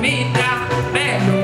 vita bello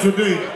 today.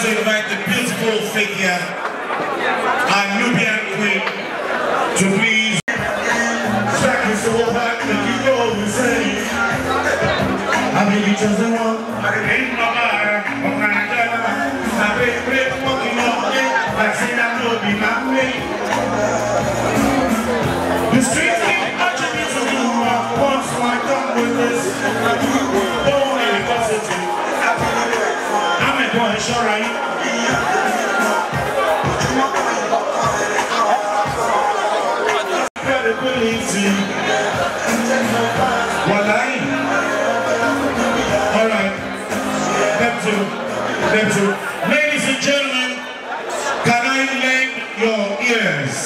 to invite the beautiful figure, our Nubian queen, to please sacrifice what I could saying. I believe you, just. to, them to. Ladies and gentlemen, can I lend your ears?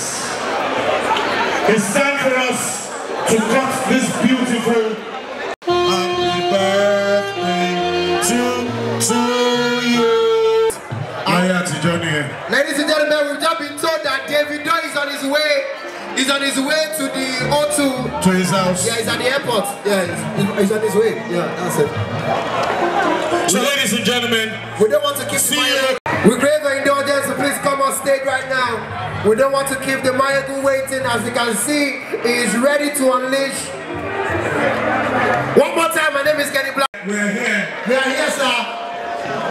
It's time for us to cut this beautiful Happy birthday to, to you. I to join here. Ladies and gentlemen, we've just been told that David Doe is on his way. He's on his way to to his house. Yeah, he's at the airport. Yeah, he's, on his way. Yeah, that's it. So, ladies and gentlemen, we don't want to keep see you. We crave your indulgence, so please come on stage right now. We don't want to keep the Mayagu waiting. As you can see, he is ready to unleash. One more time, my name is Kenny Black. We are here. We are here, sir.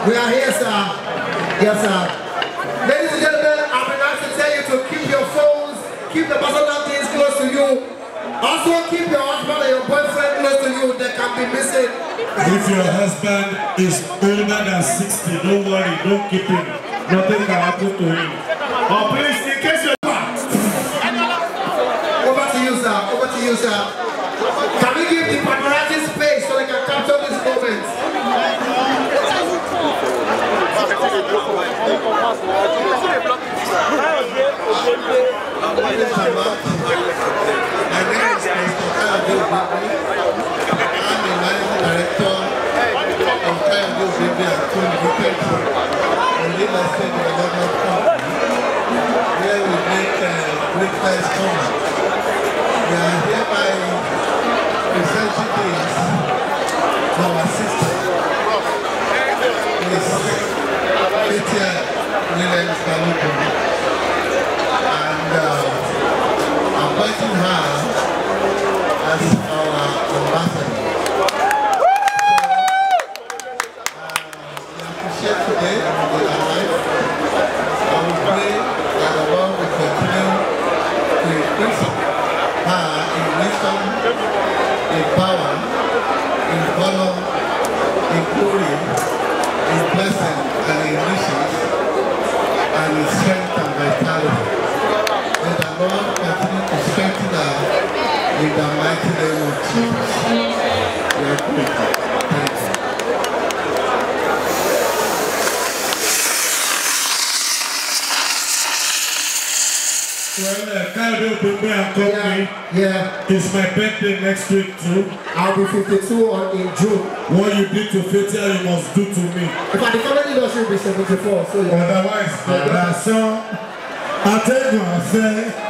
We are here, sir. Yes, sir. Ladies and gentlemen, I've been asked to tell you to keep your phones, keep the personal also keep your husband and your boyfriend close to you. They can be missing. If your husband is older than 60, don't worry, don't keep him. Nothing can happen to him. Oh, please, in case you're Over to you, sir. Over to you, sir. Can we give the paparazzi space so they can capture this moment? Thank you. Group Weekly. I'm the managing director of Kayan Group and Twin Retail Group, real estate development company, we make uh, great nice comments. We are hereby presenting this to our sister. Miss Katia Williams Baluku. In the mighty name of Jesus. We are grateful. Thank you. Well, uh, Kyle Bumbe and Company yeah, yeah. It's my birthday next week too. I'll be 52 on, in June. What you did to Fetia, you must do to me. If I become an industry, you'll be 74. So yeah. Otherwise, the yeah. Attention, I say.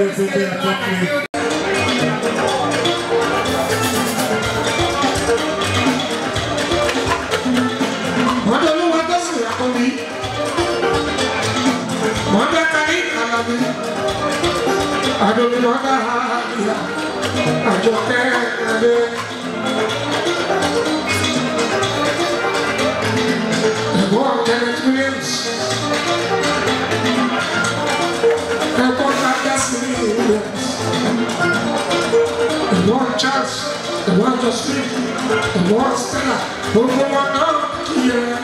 Thank you. Adolumaka Àjọkẹ́ Adé. Dios, el buen The el buen Espíritu, un comandante que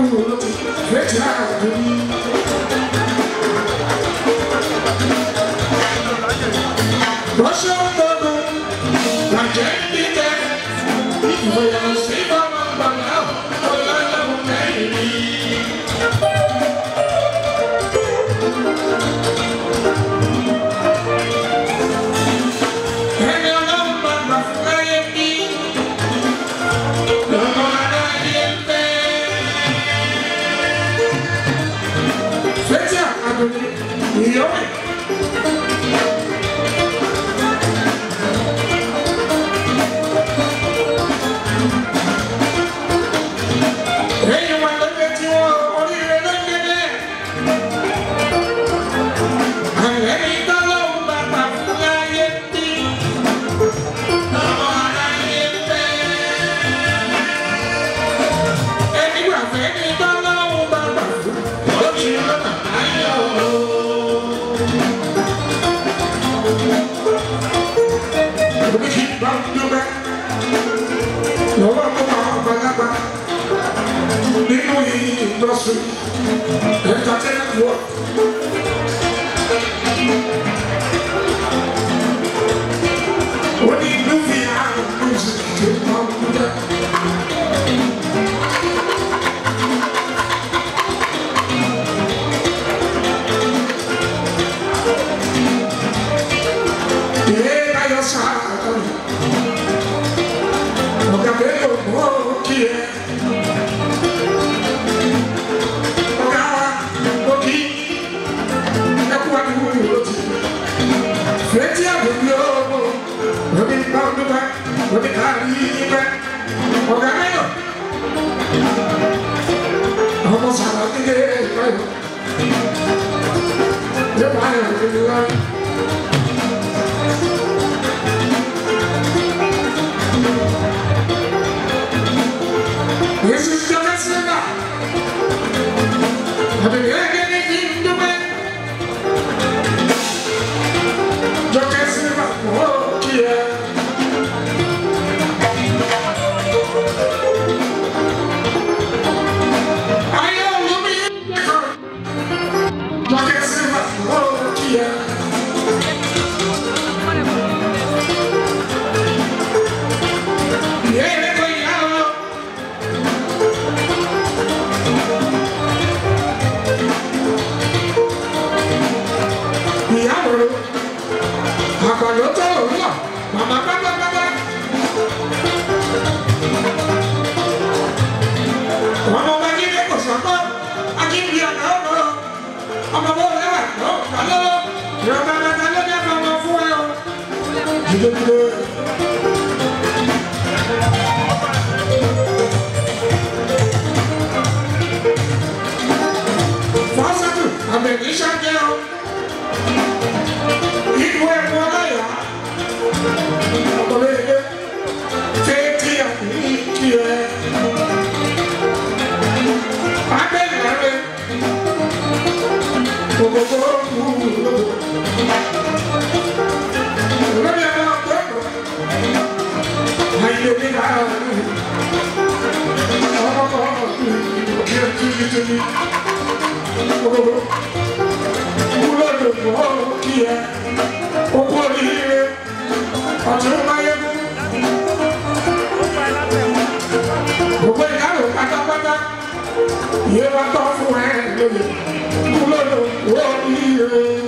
Ooh, good time, dude. ìlú ọ̀rọ̀ kí ẹ kókó oríire ọ̀tún máyégún. Gbogbo ìdáhùn pátápátá ìyẹn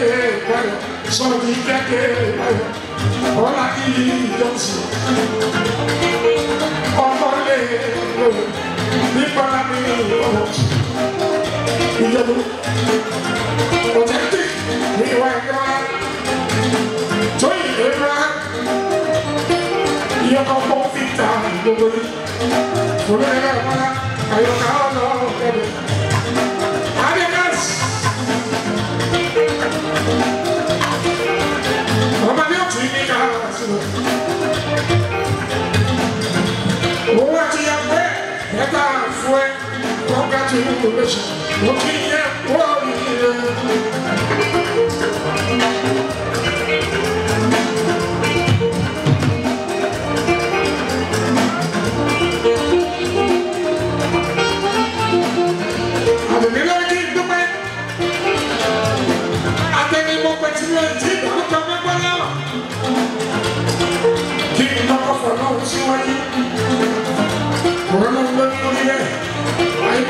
kẹ́kẹ́ báyọ̀ sọ̀rọ̀ mi kẹ́kẹ́ báyọ̀ ọ̀la kí Johnson ọmọlé lòlù nípa mi ọmọ ìjọba ọ̀tẹ̀tẹ̀ ní ìwà ẹ̀kọ́ tóyìn ẹ̀rọ ìyọkọ̀ pọ̀ fìtà gbogbo yìí fúnra ẹ̀rọ ẹ̀kọ́ ayọ̀kọ̀ ọ̀nà ọ̀kẹ́bẹ̀. Congratulations, looking at what you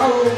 Oh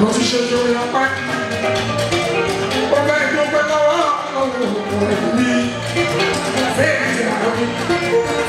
mo ti ṣe lórí apá ọgbà ìdókòwò ọ̀hún ọ̀hún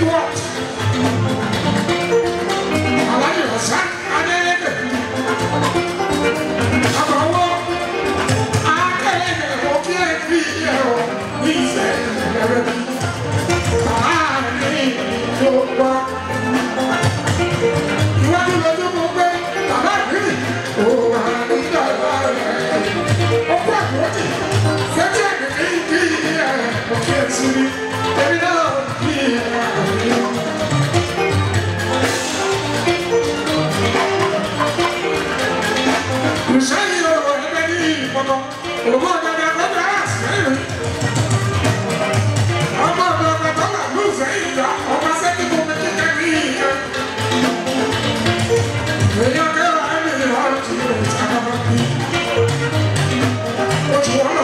doing what? Àwọn yìí ọ̀sán Adélékè. Àbọ̀wọ́ Adélékè kò kí ẹ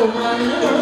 Oh, my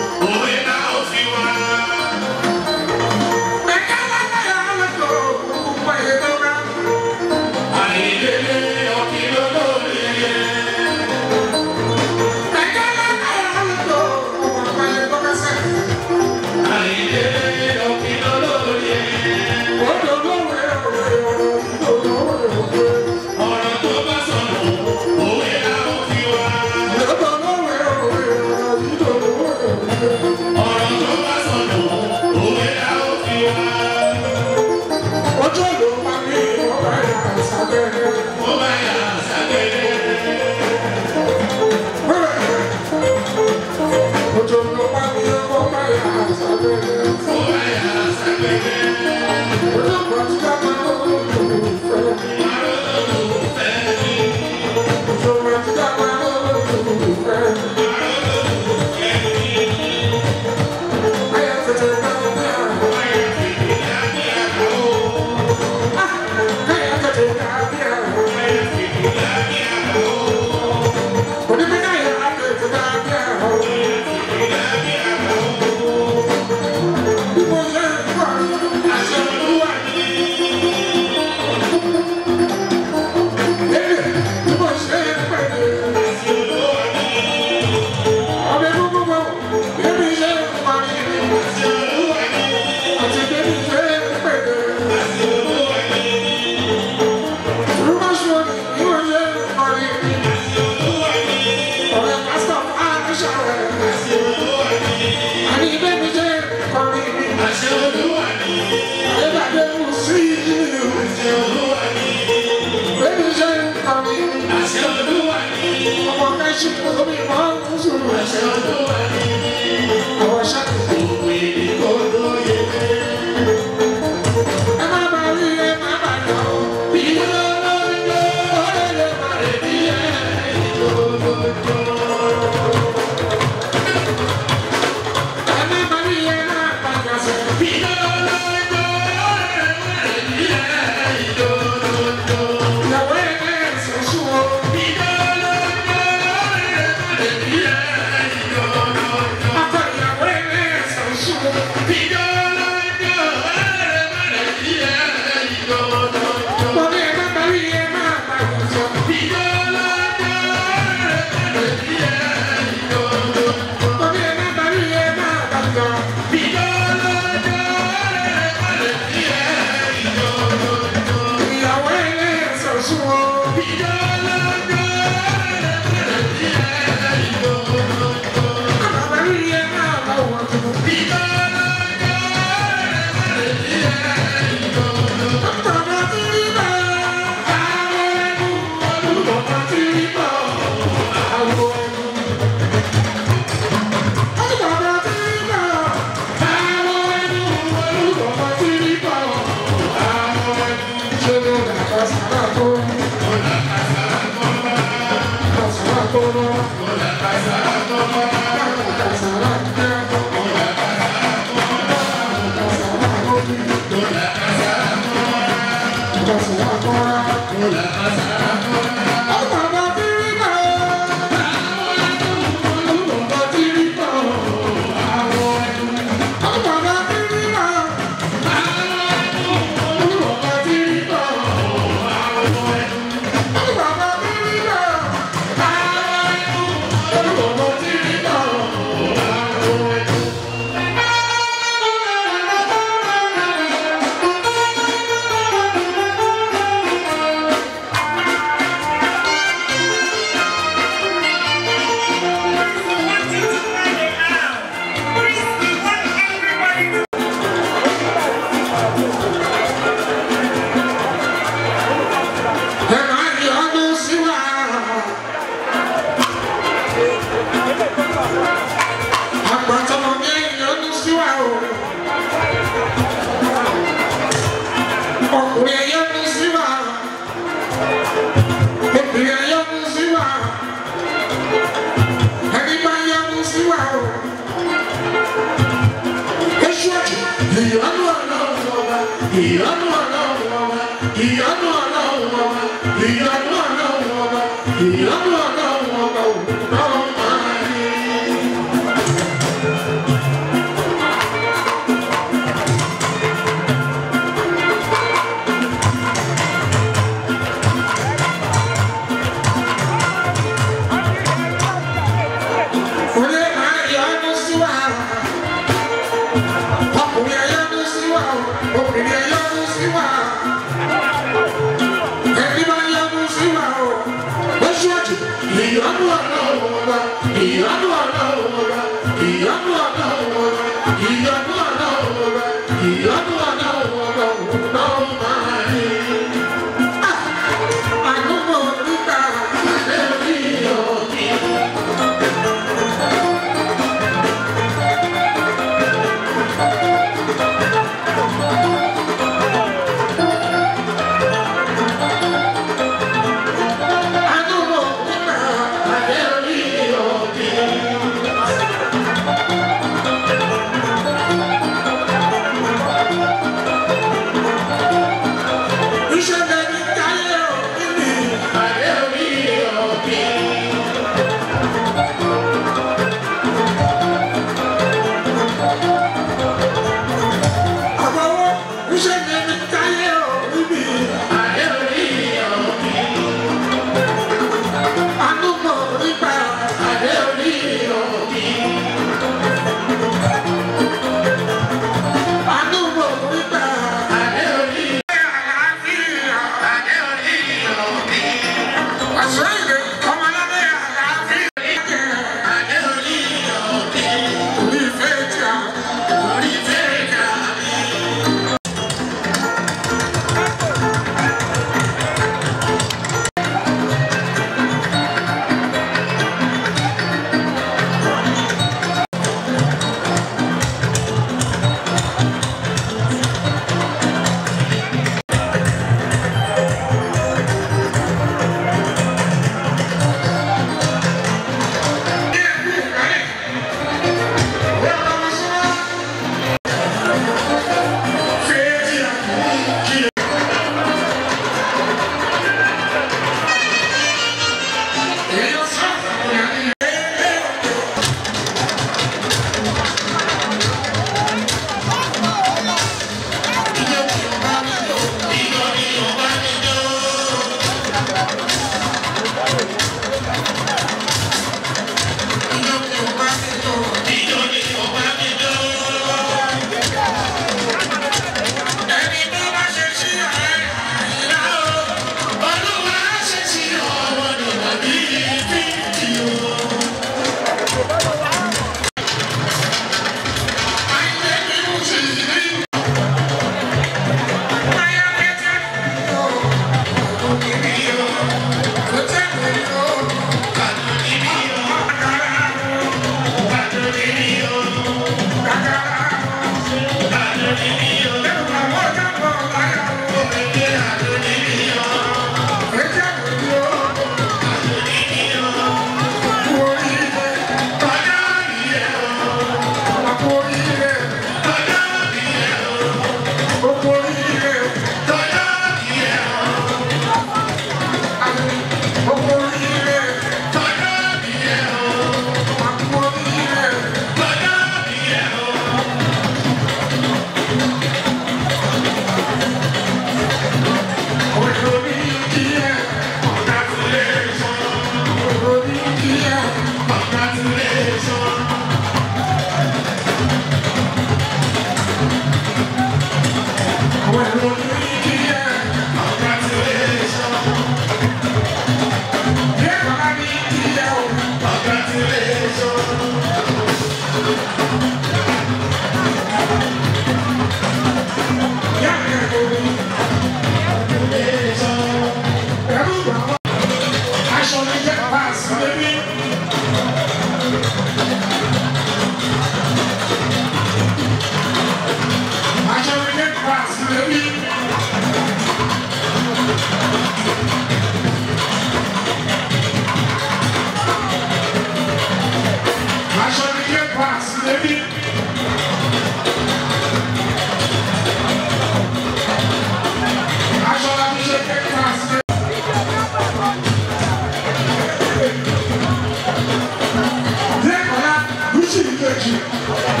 Thank you.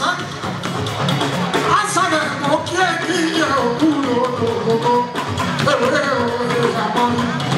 Yeah, yeah, yeah, yeah, yeah, yeah, yeah, yeah,